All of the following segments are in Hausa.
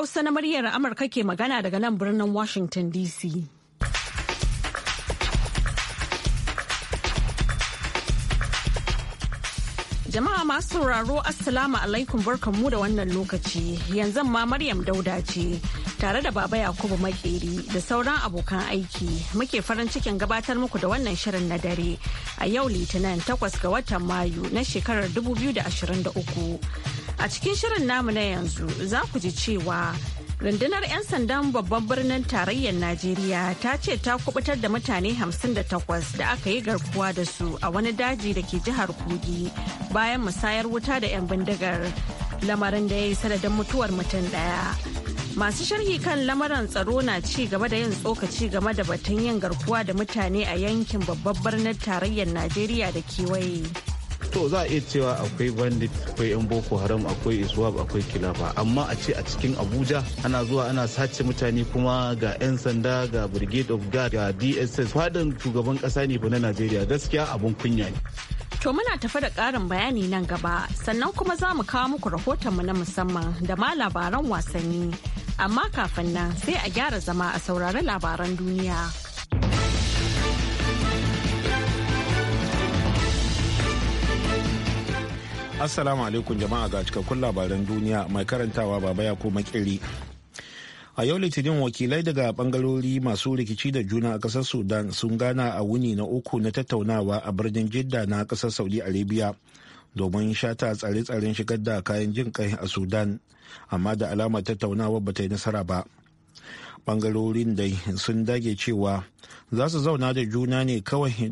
Hausa na muryar Amurka ke magana daga nan birnin Washington DC. Jama'a masu sauraro Assalamu alaikum barkanmu da wannan lokaci yanzu ma Maryam Dauda ce tare da Baba Yakubu Makeri da sauran abokan aiki muke farin cikin gabatar muku da wannan shirin na dare a yau Litinin takwas ga watan Mayu na shekarar 2023. A cikin shirin namu na yanzu za ku ji cewa rundunar 'yan sandan babban birnin tarayyar Najeriya ta ce ta kubutar da mutane 58 da aka yi garkuwa da su a wani daji da ke jihar Kogi bayan musayar wuta da 'yan bindigar lamarin da ya yi sanadin mutuwar mutum ɗaya. Masu sharhi kan lamarin tsaro na ci gaba da yin tsokaci game da batun yin garkuwa da mutane a yankin babbar birnin tarayyar Najeriya da kewaye. to za a iya cewa akwai bandit akwai yan boko haram akwai iswab akwai kilafa amma a ce a cikin abuja ana zuwa ana sace mutane kuma ga yan sanda ga brigade of guard ga dss fadin shugaban kasa ne na najeriya gaskiya abun kunya ne To muna tafi da ƙarin bayani nan gaba sannan kuma za mu kawo muku rahotonmu na musamman da ma labaran wasanni. amma kafin nan sai a gyara zama a saurari labaran duniya. Assalamu alaikum jama'a ga cikakkun labaran duniya mai karantawa baba ya ko makiri. a yau litinin wakilai daga bangarori masu rikici da juna a kasar sudan sun gana a wuni na uku na tattaunawa a birnin jidda na kasar saudi arabia domin shata tsare-tsaren shigar da kayan jin kai a sudan amma da alama tattaunawa ba ta yi nasara ba bangarorin dai sun dage cewa za su zauna da juna ne kawai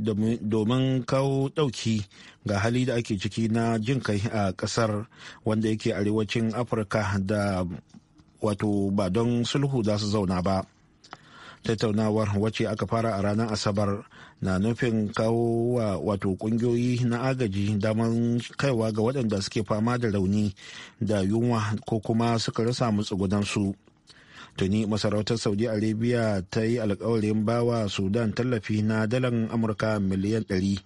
domin kawo ɗauki ga hali da ake ciki na jin kai a ƙasar wanda yake arewacin afirka da wato ba don sulhu za su zauna ba tattaunawar wacce aka fara a ranar asabar na nufin kawo wa wato kungiyoyi na agaji damar kaiwa ga waɗanda suke fama da rauni da yunwa ko kuma suka rasa su tuni masarautar saudi arabia ta yi alkawarin bawa sudan tallafi na dalan amurka miliyan 100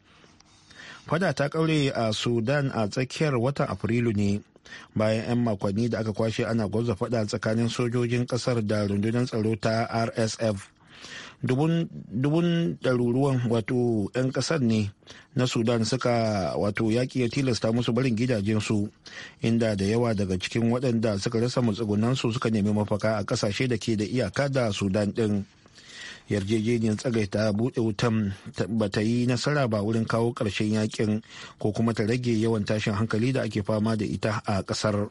fada ta kaure a sudan a tsakiyar watan afrilu ne bayan 'yan makonni da aka kwashe ana gwaza fada tsakanin sojojin kasar da rundunar tsaro ta rsf dubun ɗaruruwan wato 'yan ƙasar ne na sudan suka wato yaƙi ya tilasta musu barin gidajensu inda da yawa daga cikin waɗanda suka rasa matsugunansu suka nemi mafaka a ƙasashe da ke da iyaka da sudan ɗin yarjejeniyar tsagaita buɗe wutan ba ta yi nasara ba wurin kawo ƙarshen yakin ko kuma ta rage yawan tashin hankali da ake fama da ita a ƙasar.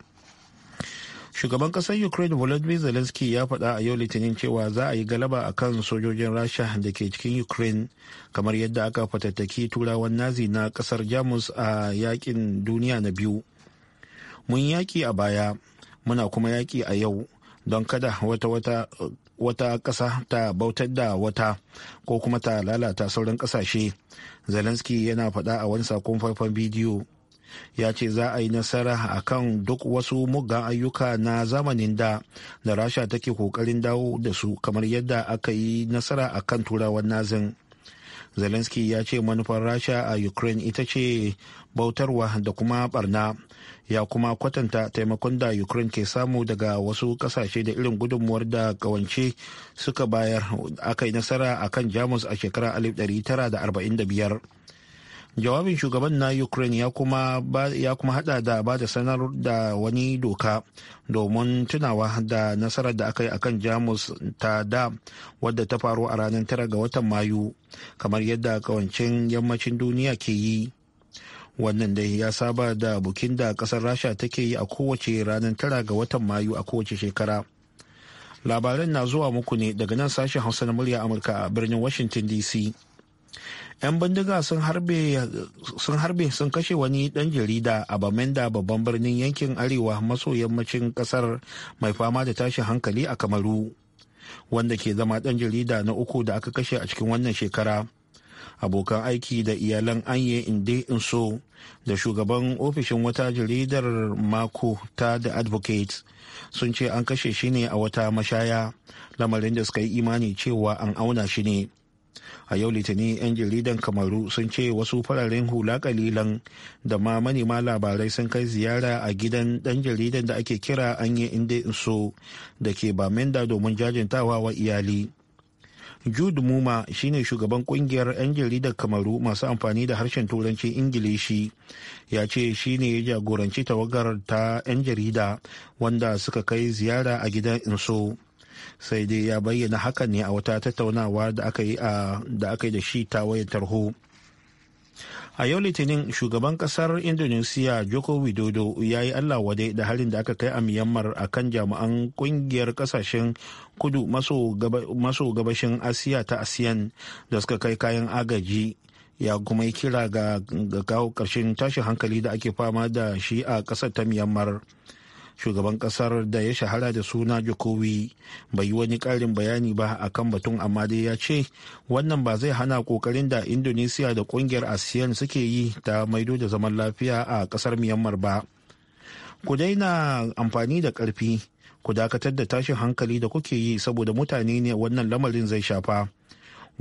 shugaban kasar ukraine volodymyr zelensky ya faɗa a yau litinin cewa za a yi galaba a kan sojojin rasha da ke cikin ukraine kamar yadda aka fatattaki turawan nazi na kasar jamus a yakin duniya na biyu mun yaƙi a baya muna kuma yaƙi a yau don kada wata wata wata ƙasa ta bautar da wata ko kuma ta lalata sauran ƙasashe zelensky yana faɗa a wani sakon faifan bidiyo ya ce za a yi nasara a kan duk wasu muggan ayyuka na zamanin da da rasha take kokarin dawo da su kamar yadda aka yi nasara a kan turawan nazin zelensky ya ce manufar rasha a ukraine ita ce bautarwa da kuma barna ya kuma kwatanta taimakon da ukraine ke samu daga wasu kasashe da irin gudunmuwar da kawance suka bayar aka yi nasara a kan jamus a shekarar 1945 jawabin shugaban na ukraine ya kuma hada da ba da sanar da wani doka domin tunawa da nasarar da aka yi akan jamus ta da wadda ta faru a ranar tara ga watan mayu kamar yadda kawancin yammacin duniya ke yi wannan dai ya saba da bukin da kasar rasha take yi a kowace ranar tara ga watan mayu a kowace shekara labaran na zuwa muku ne daga nan sashen hausa na murya amurka a birnin washington dc 'yan bindiga sun harbe sun kashe wani dan jarida a bamenda babban birnin yankin arewa maso yammacin kasar mai fama da tashin hankali a kamaru wanda ke zama dan jarida na uku da aka kashe a cikin wannan shekara abokan aiki da iyalan anye inde inso da shugaban ofishin wata jaridar mako ta the advocate sun ce an kashe shi ne a wata mashaya lamarin da suka yi imani cewa an auna shi ne a yau litinin 'yan jaridan kamaru sun ce wasu fararen hula kalilan da ma manema labarai sun kai ziyara a gidan dan jaridan da ake kira an yi inda so da ke bamenda domin jajintawa wa iyali jude muma shine shugaban kungiyar 'yan jaridar kamaru masu amfani da harshen turanci ingilishi ya ce shine ya jagoranci tawagar ta 'yan jarida wanda suka kai ziyara a gidan inso. sai dai ya bayyana haka ne a wata tattaunawa da aka yi da shi ta wayan tarho a yau litinin shugaban kasar indonesiya joko widodo ya yi allah wadai da harin da aka kai a myanmar a kan jami'an kungiyar kasashen kudu maso gabashin asiya ta asiyan da suka kai kayan agaji ya kuma yi kira ga kawo karshen tashin hankali da ake fama da shi a ƙasar ta myanmar shugaban kasar da ya shahara da suna jokowi bai yi wani karin bayani ba a kan batun amma dai ya ce wannan ba zai hana kokarin da indonesiya da kungiyar asiyan suke yi ta maido da zaman lafiya a kasar myanmar ba ku daina amfani da karfi ku dakatar da tashin hankali da kuke yi saboda mutane ne wannan lamarin zai shafa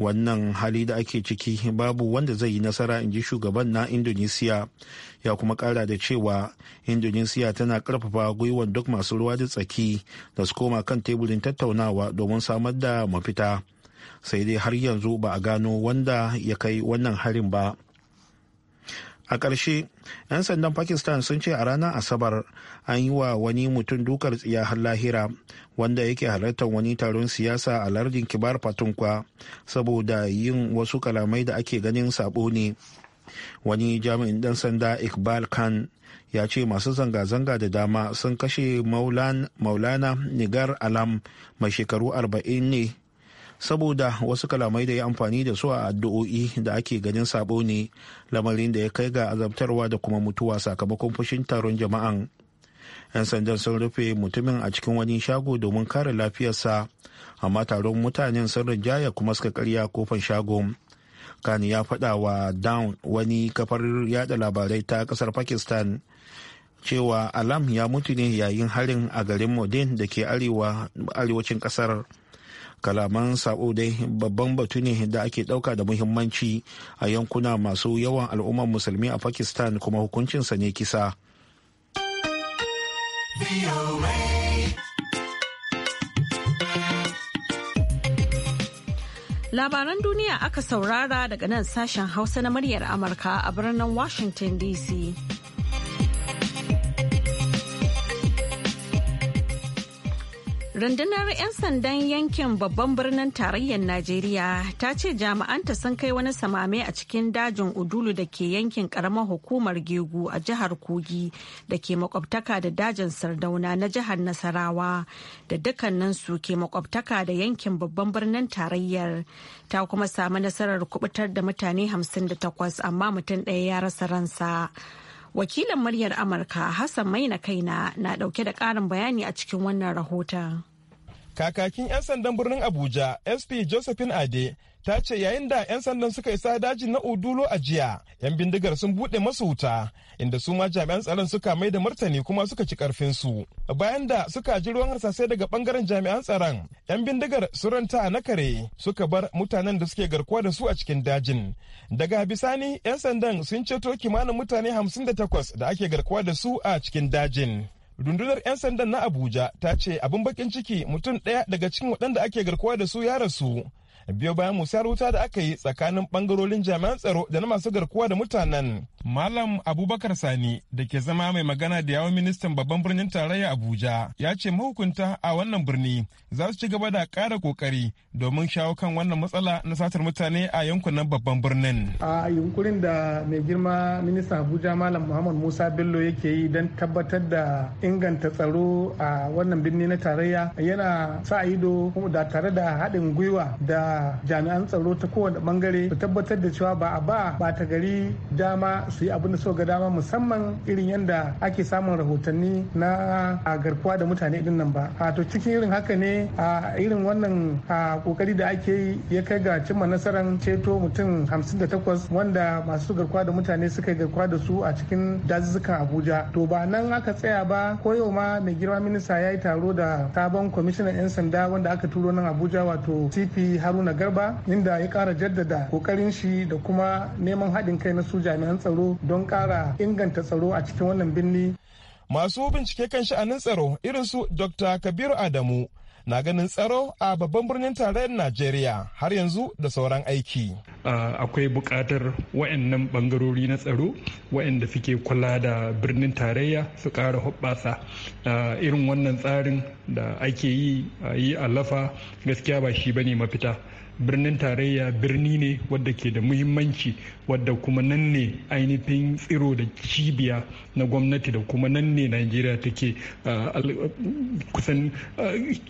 wannan hali da ake ciki babu wanda zai yi nasara in ji shugaban na indonesiya ya kuma kara da cewa indonesiya tana karfafa gwiwan duk masu ruwa da tsaki da su koma kan teburin tattaunawa domin samar da mafita sai dai har yanzu ba a gano wanda ya kai wannan harin ba a ƙarshe 'yan sandan pakistan sun ce a ranar asabar an yi wa wani mutum dukar tsiya har lahira wanda yake halartar wani taron siyasa a lardin kibar fatunkwa saboda yin wasu kalamai da ake ganin sabo ne wani jami'in ɗan sanda iqbal khan ya ce masu zanga-zanga da dama sun kashe maulana nigar alam mai shekaru 40 ne saboda wasu kalamai da ya amfani da su a addu'o'i da ake ganin sabo ne lamarin da ya kai ga azabtarwa da kuma mutuwa sakamakon fushin taron jama'an 'yan sandan sun rufe mutumin a cikin wani shago domin kare lafiyarsa amma taron mutanen sun rinjaya kuma suka karya kofar shago kani ya faɗa wa down wani kafar yada labarai ta ƙasar pakistan cewa alam ya mutu ne yayin harin a garin modin da ke arewacin ƙasar kalaman sabo dai babban batu ne da ake dauka da muhimmanci a yankuna masu yawan al'ummar musulmi a pakistan kuma hukuncinsa ne kisa labaran duniya aka saurara daga nan sashen hausa na muryar amurka a birnin washington dc Rundunar 'yan sandan yankin babban birnin tarayyar Najeriya ta ce jami'anta sun kai wani samame a cikin dajin Udulu da ke yankin karamar hukumar Gegu a jihar Kogi da ke makwabtaka da dajin Sardauna na jihar Nasarawa da dukkaninsu ke makwabtaka da yankin babban birnin tarayyar. Ta kuma samu nasarar kubutar da mutane 58 amma mutum ɗaya ya rasa ransa. wakilin muryar amurka hassan maina kaina na ɗauke da ƙarin bayani a cikin wannan rahoton kakakin 'yan sandan birnin abuja sp josephine ade ta ce yayin da 'yan sandan suka isa dajin na odulo a jiya 'yan bindigar sun bude masu wuta inda su ma jami'an tsaron suka mai da martani kuma suka ci karfinsu bayan da suka ji ruwan harsasai daga bangaren jami'an tsaron 'yan bindigar sun ranta na kare suka bar mutanen da suke garkuwa da su a cikin dajin daga bisani 'yan sandan sun ceto kimanin mutane 58 da ake garkuwa da su a cikin dajin rundunar 'yan sandan na abuja ta ce abin bakin ciki mutum ɗaya daga cikin waɗanda ake garkuwa da su ya rasu biyo bayan musayar wuta da aka yi tsakanin bangarorin jami'an tsaro da na masu garkuwa da mutanen. Malam Abubakar Sani da ke zama mai magana da yawon ministan babban birnin tarayya Abuja ya ce mahukunta a wannan birni za su ci gaba da kara kokari domin shawo kan wannan matsala na satar mutane a yankunan babban birnin. A yunkurin da mai girma ministan Abuja Malam Muhammad Musa Bello yake yi don tabbatar da inganta tsaro a wannan birni na tarayya yana sa ido da tare da haɗin gwiwa da jami'an tsaro ta kowane bangare su tabbatar da cewa ba a ba bata gari dama su yi abin da so ga dama musamman irin yadda ake samun rahotanni na a garkuwa da mutane din nan ba a to cikin irin haka ne a irin wannan a kokari da ake yi ya kai ga cimma nasarar ceto mutum hamsin da 58 wanda masu garkuwa da mutane suka yi garkuwa da su a cikin dazuzzukan abuja to ba nan aka tsaya ba ko yau ma mai girma minista ya yi taro da sabon kwamishinan 'yan sanda wanda aka turo nan abuja wato cp haruna haruna garba inda ya kara jaddada kokarin shi da kuma neman haɗin kai na su jami'an tsaro don kara inganta tsaro a cikin wannan birni masu bincike kan sha'anin tsaro irin su dr kabiru adamu na ganin tsaro a babban birnin tarayyar Najeriya har yanzu da sauran aiki. Akwai buƙatar wayannan ɓangarori na tsaro wayanda suke kula da birnin tarayya su ƙara hoɓɓasa. Irin wannan tsarin da ake yi a yi gaskiya ba shi bane mafita. birnin tarayya birni ne wadda ke da muhimmanci wadda kuma nan ne ainihin tsiro da cibiya na gwamnati da kuma nan ne najeriya take kusan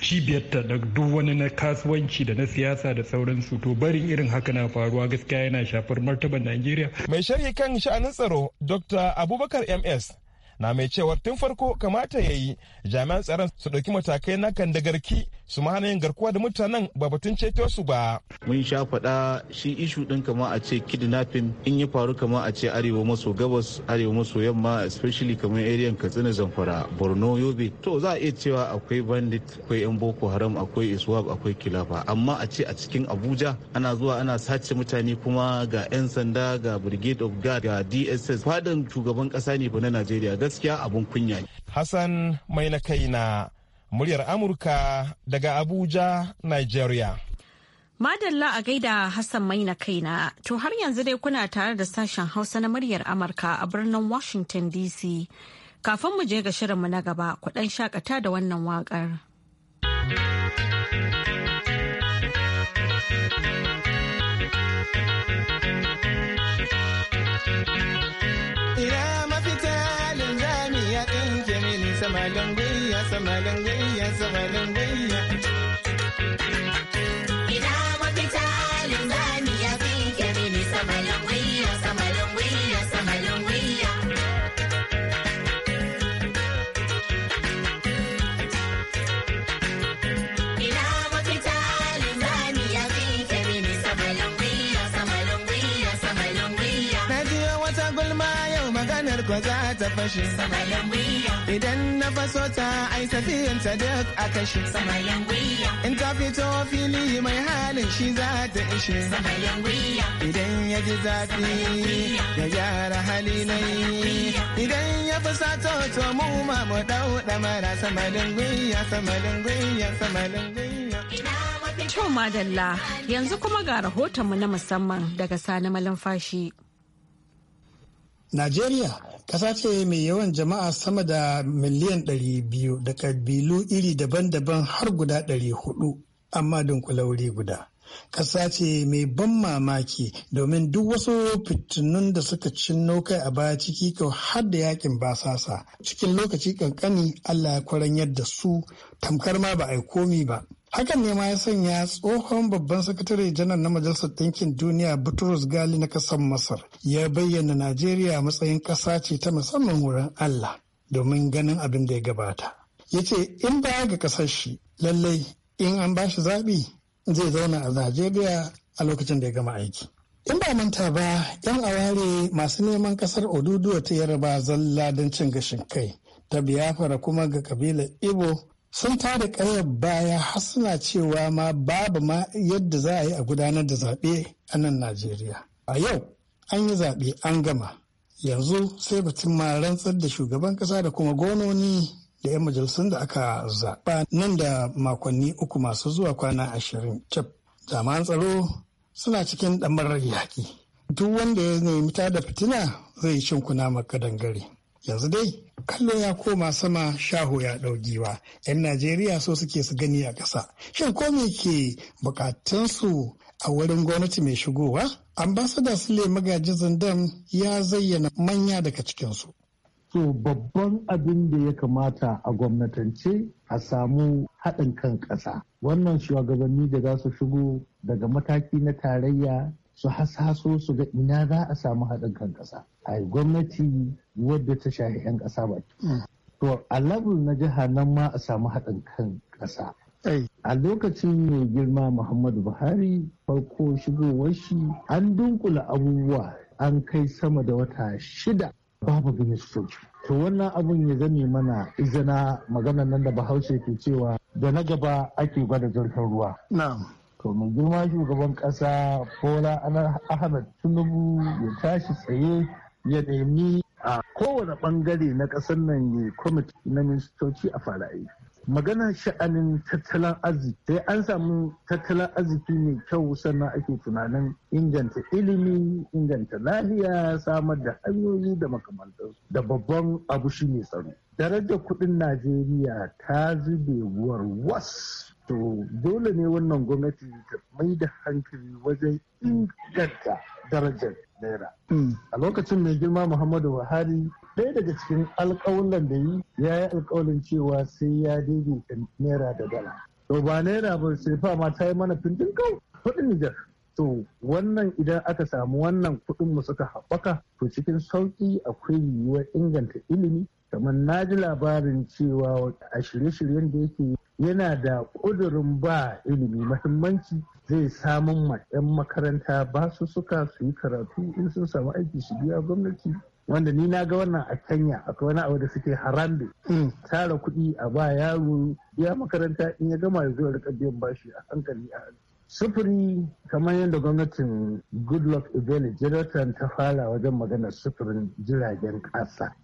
cibiyarta da duk wani na kasuwanci da na siyasa da su to barin irin haka na faruwa gaskiya yana shafar martaban najeriya mai sharhi kan sha'anin tsaro dr abubakar ms na mai cewar tun farko kamata ya yi jami'an tsaron su ɗauki matakai na kan da garki su ma yin garkuwa da mutanen ba batun ceto su ba. Mun sha faɗa shi ishu ɗin kama a ce kidnapping in ya faru kama a ce arewa maso gabas arewa maso yamma especially kamar area Katsina Zamfara Borno Yobe to za a iya cewa akwai bandit akwai yan Boko Haram akwai Iswap akwai Kilafa amma a ce a cikin Abuja ana zuwa ana sace mutane kuma ga 'yan sanda ga Brigade of Guard ga DSS fadan shugaban kasa ne ba na Najeriya gaskiya abun kunya hassan mai na kaina muryar amurka daga abuja nigeria Madalla a gaida Hassan mai na kaina, to har yanzu dai kuna tare da sashen Hausa na muryar Amurka a birnin Washington DC. Kafin mu je ga shirinmu na gaba, kuɗan shakata da wannan waƙar. Thank you. You. ko za ta fashe idan na faso ta ai safiyan ta duk a kashe in ta fito fili mai halin shi za ta ishe idan ya ji zafi ya gyara hali idan ya fi sato to mu ma mu dau damara samalin gwiya samalin gwiya samalin gwiya Tumadalla, madalla yanzu kuma ga rahotonmu na musamman daga Sani Malamfashi. Najeriya ƙasa ce mai yawan jama'a sama da miliyan ɗari biyu da ƙabilu iri daban-daban har guda 400 amma dunkula wuri guda. Ƙasa ce mai ban mamaki domin duk wasu fitinun da suka cinno kai a baya ciki kau har da yakin basasa cikin lokaci kankani Allah ya kwaran yadda su tamkar ma ba a yi komi ba. Hakan ne ma ya sanya tsohon babban sakatare janar na Majalisar Ɗinkin Duniya Butrus Gali na ƙasar Masar ya bayyana Najeriya matsayin ƙasa ce ta musamman wurin Allah domin ganin abin da ya gabata. Ya ce in ba ga ƙasar shi lallai in an ba shi zaɓi zai zauna a Najeriya a lokacin da ya gama aiki. In ba manta ba, 'yan aware masu neman ƙasar Oduduwa ta Yaraba zalla don cin gashin kai, ta biyafara kuma ga kabilar Igbo. sun da ƙayar baya har suna cewa ma babu ma yadda za a yi a gudanar da zaɓe a nan Najeriya. A yau an yi zaɓe an gama yanzu sai batun ma rantsar da shugaban ƙasa da kuma gononi da 'yan majalisun da aka zaɓa nan da makonni uku masu zuwa kwana ashirin cap jami'an tsaro suna cikin ɗamarar yaƙi duk wanda ya nemi da fitina zai yi cinkuna maka dangare. yanzu dai kallo ya koma sama shaho ya ɗau giwa yan najeriya so suke su gani a ƙasa shin ko me ke bukatunsu a wurin gwamnati mai shigowa ambasada sule magaji zandam ya zayyana manya daga cikinsu to babban abin da ya kamata a gwamnatance a samu haɗin kan ƙasa wannan shugabanni da za su shigo daga mataki na tarayya su hasaso su ga ina za a samu haɗin kan ƙasa a gwamnati wadda ta shahi 'yan ƙasa ba mm. to a level na jiha nan ma a samu haɗin kan ƙasa a lokacin mai girma muhammadu buhari farko shigowar shi an dunkula abubuwa an kai sama da wata shida babu ministoci to wannan abun ya zame mana izina magana nan da bahaushe ke cewa da na gaba ake gwada jirgin ruwa to mai girma shugaban ƙasa bola ahmed tinubu ya tashi tsaye ya nemi a kowane ɓangare na ƙasar nan ya kwamiti na ministoci a fara Maganar magana sha'anin tattalin arziki sai an samu tattalin arziki mai kyau sannan ake tunanin inganta ilimi inganta lafiya samar da hanyoyi da makamantarsu da babban abu shi ne tsaro darajar kudin najeriya ta zube was to dole ne wannan gwamnati ta mai da hankali wajen inganta darajar naira mm. a lokacin mai girma muhammadu buhari ɗaya daga cikin alkawulan da yi ya yi alƙawalin cewa sai ya daidaita naira da dala to ba naira ba sai fama ta yi mana fintin kau kuɗin nijar to wannan idan aka samu wannan mu suka haɓaka to cikin sauƙi akwai yiwuwar inganta ilimi kamar na ji labarin cewa a shirye-shiryen da yake yana da ƙudurin ba ilimi mahimmanci zai samun ma 'yan makaranta ba su suka su yi karatu in sun samu aiki su biya gwamnati wanda ni na ga wannan a kenya akwai wani abu da suke harambe hmm, tara kuɗi a ba yaro ya makaranta in ya gama ya zo da biyan bashi a hankali a sufuri kamar yadda gwamnatin goodluck Ebeli jiratan ta fara wajen maganar sufurin jiragen kasa.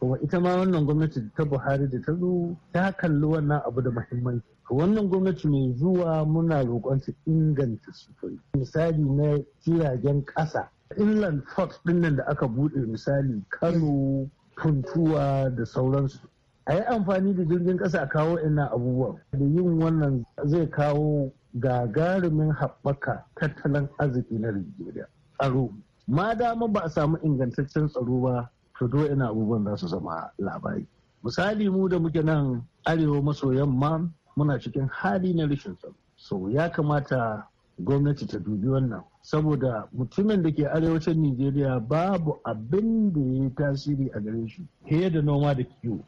kuma ita ma wannan gwamnati ta buhari da ta zo ta kalli wannan abu da muhimmanci wannan gwamnati mai zuwa muna roƙon su inganta sufuri misali na jiragen kasa. inland din ɗinnan da aka buɗe misali kano puntuwa da sauransu a yi amfani da jirgin kasa a kawo ina abubuwan da yin wannan zai kawo gagarumin haɓaka tattalin arziki na Nigeria. Tsaro. Ma dama ba a samu ingantaccen tsaro ba, to do ina abubuwan za su zama labari. Misali mu da muke nan arewa maso yamma muna cikin hali na rashin tsaro. So ya kamata gwamnati ta dubi wannan saboda mutumin da ke arewacin Nijeriya babu abin da ya yi tasiri a gare shi fiye da noma da kiwo.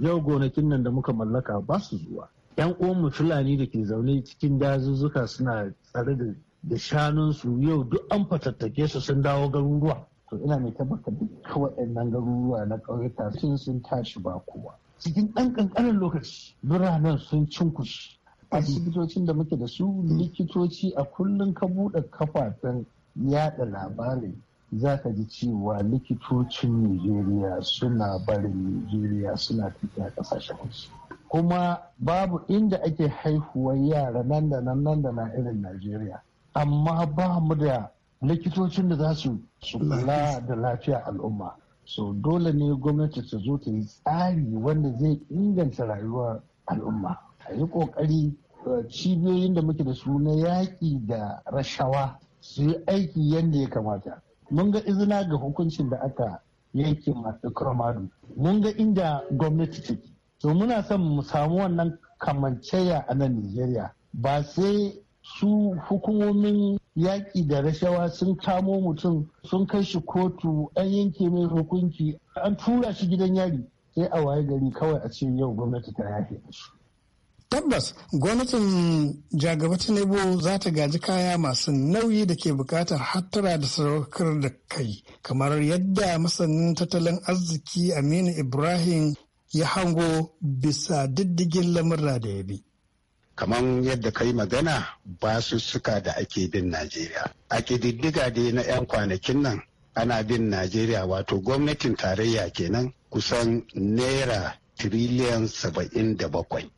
Yau gonakin nan da muka mallaka ba su zuwa. 'yan uwanmu fulani da ke zaune cikin dazuzzuka suna tsare da da shanunsu yau duk an fatattake su sun dawo garuruwa to ina mai tabbata kawai waɗannan garuruwa na ƙauyuka sun sun tashi ba kowa cikin ɗan ƙanƙanin lokaci biranen sun cinkushi asibitocin da muke da su likitoci a kullum ka buɗe kafafen yaɗa labarin za ka ji cewa likitocin nigeria suna barin nigeria suna tafiya ƙasashen wasu kuma babu inda ake haihuwar yara nan da nan nan da nan irin najeriya amma ba mu da likitocin da za su kula da lafiya al'umma so dole ne gwamnati ta zo ta yi tsari wanda zai inganta rayuwar al'umma a yi kokari uh, cibiyoyin da muke da su na yaƙi da rashawa su yi aiki yadda ya kamata mun ga izina ga hukuncin da aka yanke masu kuramadu. mun ga inda gwamnati take to muna son mu samu wannan kamanceya a nan nigeria ba sai su hukumomin yaƙi da rashawa sun kamo mutum sun kai shi kotu an yanke mai hukunci an tura shi gidan yari sai a waye gari kawai a ce yau gwamnati ta yafe shi tabbas gwamnatin jagaba tinubu za ta gaji kaya masu nauyi da ke bukatar hattara da sadaukar da kai kamar yadda masanin tattalin arziki aminu ibrahim ya hango bisa diddigin lamurra da ya bi. kamar yadda ka yi magana basussuka da ake bin Najeriya. A ƙididdiga dai na 'yan kwanakin nan ana bin Najeriya wato gwamnatin tarayya kenan kusan naira tiriliyan saba'in da bakwai.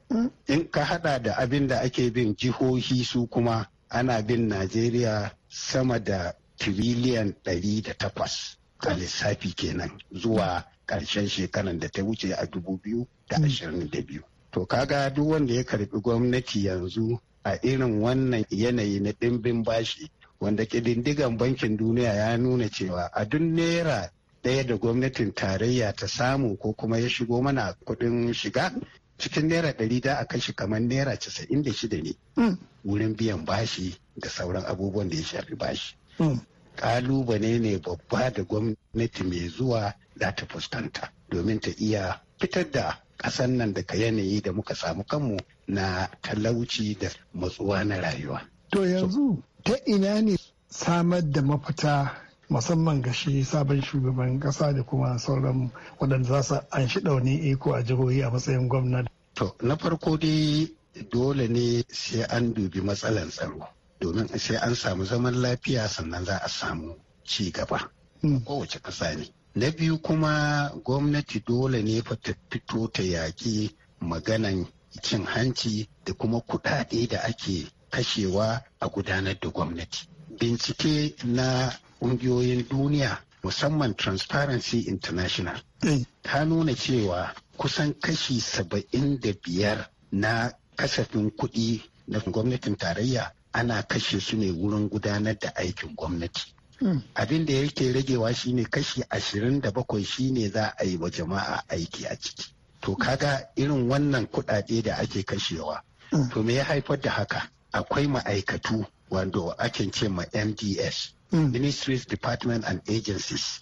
In ka hada da abin da ake bin jihohi su kuma ana bin Najeriya sama da tiriliyan ɗari da takwas a lissafi kenan zuwa Karshen shekaran da ta wuce a dubu biyu da hmm. ashirin da biyu. To ka ga duk wanda ya karbi gwamnati yanzu a irin wannan yanayi na ɗimbin bashi wanda ƙididdigan bankin duniya ya nuna cewa a duk naira ɗaya da gwamnatin tarayya ta samu ko kuma ya shigo mana kuɗin shiga cikin naira ɗari da a kashi kamar naira casa'in da shida ne hmm. wurin biyan bashi da sauran abubuwan da ya shafi bashi. Hmm. kalubale ne babba da gwamnati mai zuwa za ta fuskanta domin ta iya fitar da ƙasan nan daga yanayi da muka samu kanmu na talauci da matsuwa na rayuwa. To yanzu ta ina ne samar da mafita musamman ga shi sabon shugaban ƙasa da kuma sauran waɗanda za su an shi ɗauni iko a jihohi a matsayin gwamnati. To na farko dai dole ne sai an dubi matsalan tsaro. domin sai an samu zaman lafiya sannan za a samu ci gaba hmm. kowace ƙasa ne na biyu kuma gwamnati dole ne fa ta fito ta yaƙi maganan cin hanci da kuma kuɗaɗe da ake kashewa a gudanar da gwamnati bincike na ƙungiyoyin duniya musamman transparency international hmm. ta nuna cewa kusan kashi saba'in da biyar na kasafin kuɗi na gwamnatin tarayya ana kashe su ne wurin gudanar da aikin gwamnati hmm. abin da yake ragewa shine kashi ashirin da bakwai shine za a yi wa jama'a aiki a ciki to kaga irin wannan kuɗaɗe da ake kashewa hmm. to me ya haifar da haka akwai ma'aikatu wanda ake ce ma mds hmm. ministries department and agencies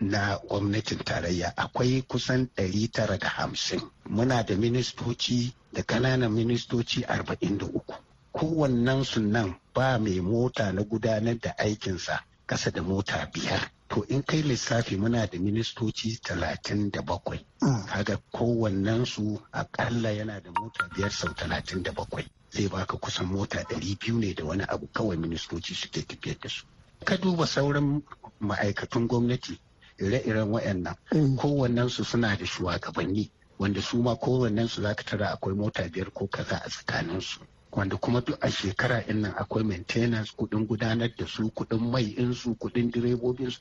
na gwamnatin tarayya akwai kusan ɗari tara da hamsin. muna da ministoci da kananan ministoci arba'in da uku. kowannen sunan nan ba mai mota na gudanar da aikinsa kasa da mota biyar to in kai lissafi muna da ministoci talatin da bakwai ah. kaga kowannen su akalla yana da mota biyar sau talatin da bakwai zai baka kusan mota ɗari biyu ne da wani abu kawai ministoci suke tafiyar da su ka duba sauran ma'aikatan gwamnati ire-iren wayannan eh. kowannen su suna da shugabanni wanda su ma kowannen su zaka tara akwai mota biyar ko kaza a tsakanin su wanda kuma duk a shekara nan akwai maintenance kudin gudanar da su kudin mai insu kudin direbobin su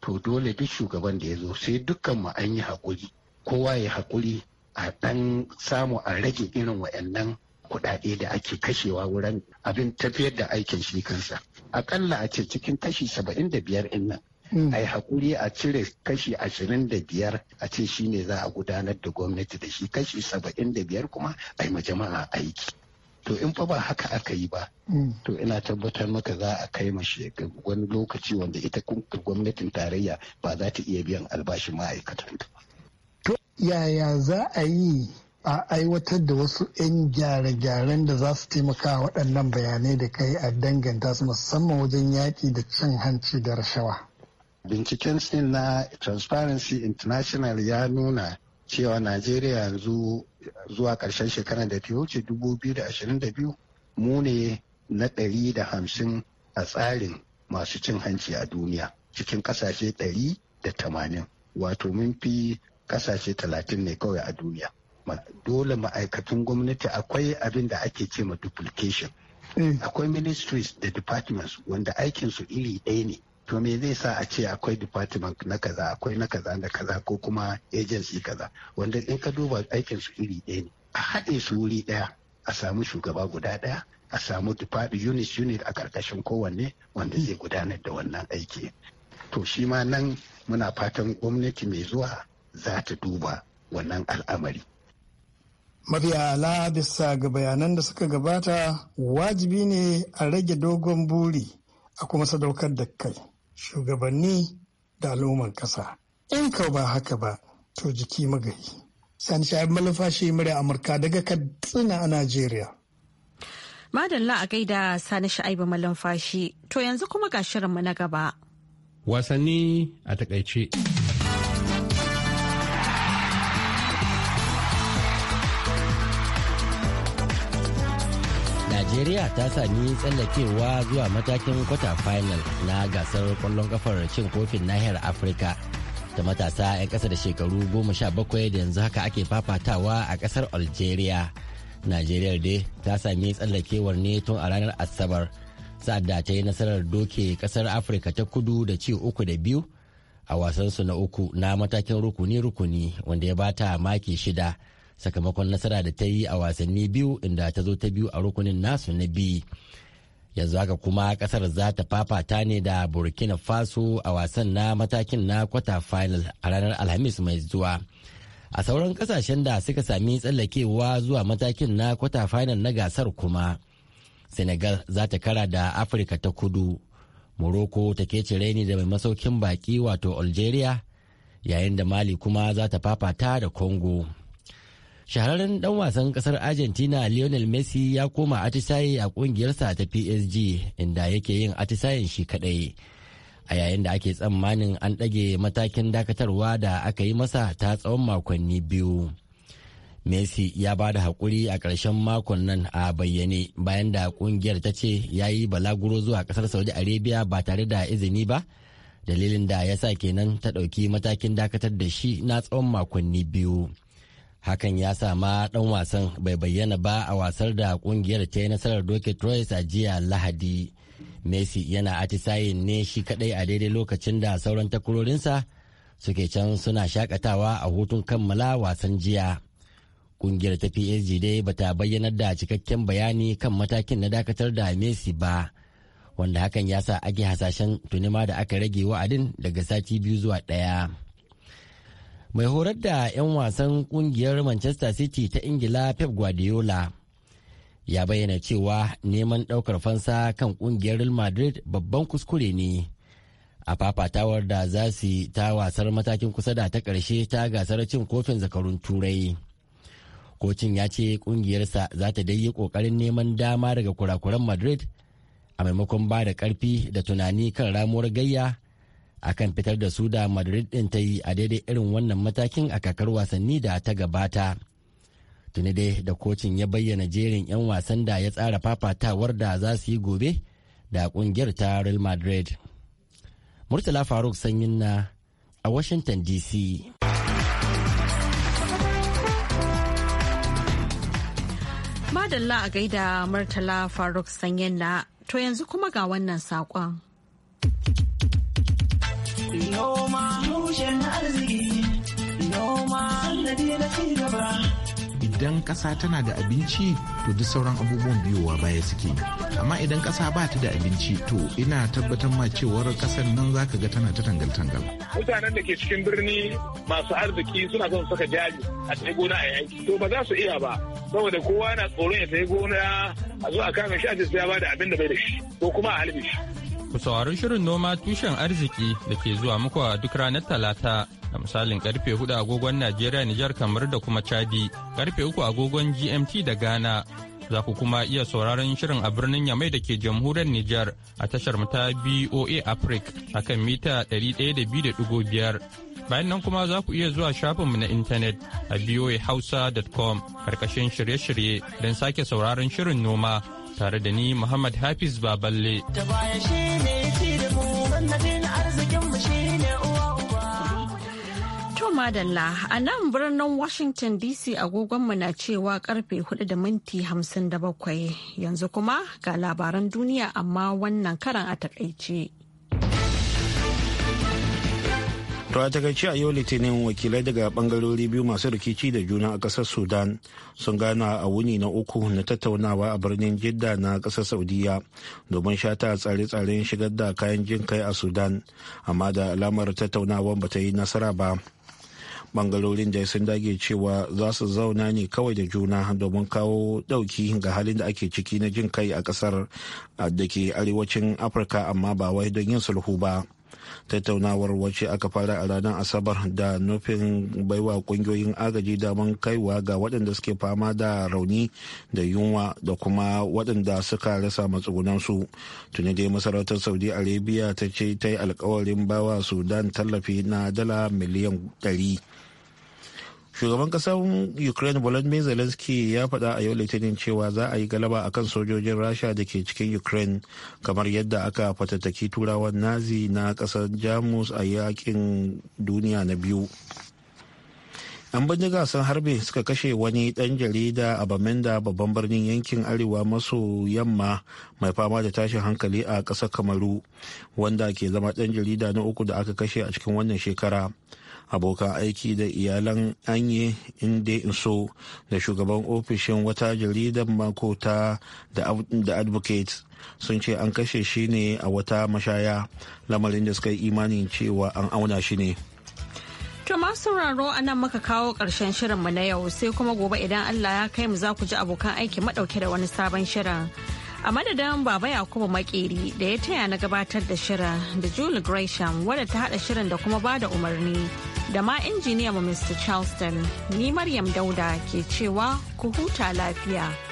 to dole duk shugaban da ya zo sai dukkan mu an yi hakuri kowa ya hakuri a dan samu a rage irin wayannan kuɗaɗe da ake kashewa wurin abin tafiyar da aikin shi kansa akalla a ce cikin kashi saba'in da biyar in nan hmm. a yi haƙuri a cire kashi ashirin da biyar a ce shi ne za a gudanar da gwamnati da shi kashi saba'in da biyar kuma a yi ma jama'a aiki to in fa ba haka aka yi ba mm. to ina tabbatar maka za a kai mashi wani lokaci wanda ita gwamnatin tarayya ba za ta iya biyan albashin ma'aikatan ta to yaya za a yi a aiwatar da wasu 'yan gyare-gyaren da za su taimaka waɗannan bayanai da kai a danganta su musamman wajen yaƙi da cin hanci da rashawa. Binciken sin na Transparency International ya nuna cewa najeriya yanzu zuwa ƙarshen shekarar da ta wuce 2022 mu ne na 150 a tsarin masu cin hanci a duniya cikin ƙasashe 180 wato mun fi ƙasashe 30 ne kawai a duniya dole ma'aikatan gwamnati akwai abin da ake ce ma duplication eh. akwai ministries da departments wanda aikinsu iri ɗaya ne to me zai sa a ce akwai department na kaza akwai na kaza da kaza ko kuma agency kaza wanda in ka duba aikin su iri ɗaya ne a haɗe su wuri ɗaya a samu shugaba guda ɗaya a samu department unit unit a ƙarƙashin kowanne wanda zai gudanar da wannan aiki to shi ma nan muna fatan gwamnati mai zuwa za ta duba wannan al'amari mafiya ala bisa ga bayanan da suka gabata wajibi ne a rage dogon buri a kuma sadaukar da kai shugabanni da al'umman ƙasa. In ka ba haka ba, to jiki magayi. Sani Sha'ib Malafashi murya Amurka daga Katsina a Najeriya. Madalla a gaida Sani Sha'ib Malafashi, to yanzu kuma ga shirinmu na gaba. Wasanni a takaice. najeriya ta sami tsallakewa zuwa matakin kwata final na gasar kwallon kafar cin kofin nahiyar afirka ta matasa 'yan ƙasa da shekaru goma sha bakwai da yanzu haka ake fafatawa a ƙasar algeria najeriya dai ta sami tsallakewar ne tun a ranar asabar sa'ad da ta yi nasarar doke ƙasar afirka ta kudu da ci uku da biyu a wasansu na uku na matakin rukuni-rukuni wanda ya bata maki shida sakamakon nasara da ta yi a wasanni biyu inda ta zo ta biyu a rukunin nasu na biyu yanzu haka kuma kasar za ta fafata ne da burkina faso a wasan na matakin na kwata final a ranar alhamis mai zuwa a sauran kasashen da suka sami tsallakewa zuwa matakin na kwata final na gasar kuma senegal za ta kara da afirka ta kudu morocco ta kece raini da mai masaukin baki wato algeria yayin da mali kuma za ta fafata da congo shahararren dan wasan kasar argentina lionel messi ya koma atisaye a kungiyarsa ta psg inda yake yin atisayen shi kadai a yayin da ake tsammanin an ɗage matakin dakatarwa da aka yi masa ta tsawon makonni biyu messi ya ba da haƙuri a ƙarshen makon nan a bayyane bayan da kungiyar ta ce ya yi balaguro zuwa ƙasar saudi arabia ba tare da izini ba dalilin da ya sa kenan ta ɗauki matakin dakatar da shi na tsawon makonni biyu hakan ya sa ma dan wasan bai bayyana ba a wasar da kungiyar ta yi nasarar doke troyes a jiya lahadi messi yana atisayin ne shi kadai a daidai lokacin da sauran takurorinsa suke can suna shakatawa a hutun kammala wasan jiya kungiyar ta psg dai bata bayyanar da cikakken bayani kan matakin na dakatar da messi ba wanda hakan ya sa ake hasashen tunima da aka rage wa'adin daga sati biyu zuwa ɗaya. mai horar da 'yan wasan kungiyar manchester city ta ingila pep guardiola ya bayyana cewa neman ɗaukar fansa kan kungiyar real madrid babban kuskure ne a fafatawar da za su ta wasar matakin kusa da ta ƙarshe ta gasar cin kofin zakarun turai kocin ya ce kungiyarsa za ta dai yi ƙoƙarin neman dama daga kurakuran madrid a maimakon ba da ƙarfi da tunani kan ramuwar gayya akan fitar da su da madrid din ta yi a daidai irin wannan matakin a kakar wasanni da ta gabata tuni dai da kocin ya bayyana jerin 'yan wasan da ya tsara fafatawar da za su yi gobe da kungiyar ta real madrid murtala faruk sanyin na a washington dc madalla a gaida murtala faruk sanyin na to yanzu kuma ga wannan saƙon Noma tushen arziki. Noma Idan kasa tana da abinci to duk sauran abubuwan biyowa baya suke. Amma idan kasa ba ta da abinci to ina tabbatar ma cewar ƙasar nan za ka ga tana ta tangal-tangal. Mutanen da ke cikin birni masu arziki suna son saka jari a gona a yanki. To ba za su iya ba. saboda kowa na tsoron ya tafi gona a zo a kame shi a ya ba da abin da bai da shi ko kuma a halbe Ku saurari shirin noma tushen arziki da ke zuwa muku a duk ranar Talata da misalin karfe 4 agogon Najeriya Nijar kamar da kuma Chadi, karfe 3 agogon GMT da Ghana. Za ku kuma iya sauraron shirin a birnin Yamai da ke jamhuriyar Nijar a tashar ta BOA Africa a kan mita 102.5. Bayan nan kuma za ku iya zuwa shafinmu na intanet a boahausa.com karkashin shirye-shirye don sake sauraron shirin noma. tare da ni Muhammad Hafiz Baballe. Da ne ci da mu, wannan arzikin mu shi ne madalla a nan birnin Washington DC agogonmu na cewa karfe 4 da minti 57 yanzu kuma ga labaran duniya amma wannan karan a takaice. To a takaice a yau litinin wakilai daga bangarori biyu masu rikici da juna a kasar Sudan sun gana a wuni na uku na tattaunawa a birnin Jidda na kasar Saudiya domin shata tsare-tsaren shigar da kayan jin kai a Sudan amma da alamar tattaunawan ba ta yi nasara ba. Bangarorin da sun dage cewa za su zauna ne kawai da juna domin kawo dauki ga halin da ake ciki na jin kai a kasar da ke arewacin Afirka amma ba wai don yin sulhu ba. tattaunawar wacce aka fara a ranar asabar da nufin baiwa kungiyoyin agaji daman kaiwa ga waɗanda suke fama da rauni da yunwa da kuma waɗanda suka rasa matsugunansu tuni dai masarautar saudi arabia ta ce ta yi alkawarin bawa sudan tallafi na dala miliyan 100 shugaban kasar ukraine volodymyr zelensky ya faɗa a yau litinin cewa za a yi galaba akan sojojin rasha da ke cikin ukraine kamar yadda aka fatattaki turawan nazi na kasar jamus a yakin duniya na biyu an bindiga sun harbe suka kashe wani ɗan jarida a bamenda babban birnin yankin arewa maso yamma mai fama da tashin hankali a ƙasar kamaru wanda ke zama ɗan jarida na uku da aka kashe a cikin wannan shekara abokan aiki da iyalan anye inde so da shugaban ofishin wata jaridar mako da advocate sun ce an kashe shi ne a wata mashaya lamarin da suka yi imanin cewa an auna shi ne To masu sauraro a nan muka kawo ƙarshen shirinmu na yau sai kuma gobe idan Allah ya kai mu za ku ji abokan aiki madauke da wani sabon shirin. a madadin baba yakubu makeri da ya taya na gabatar da shirin da julie gresham wadda ta hada shirin da kuma ba da umarni da ma injiniya mu mr charleston ni maryam dauda ke cewa ku huta lafiya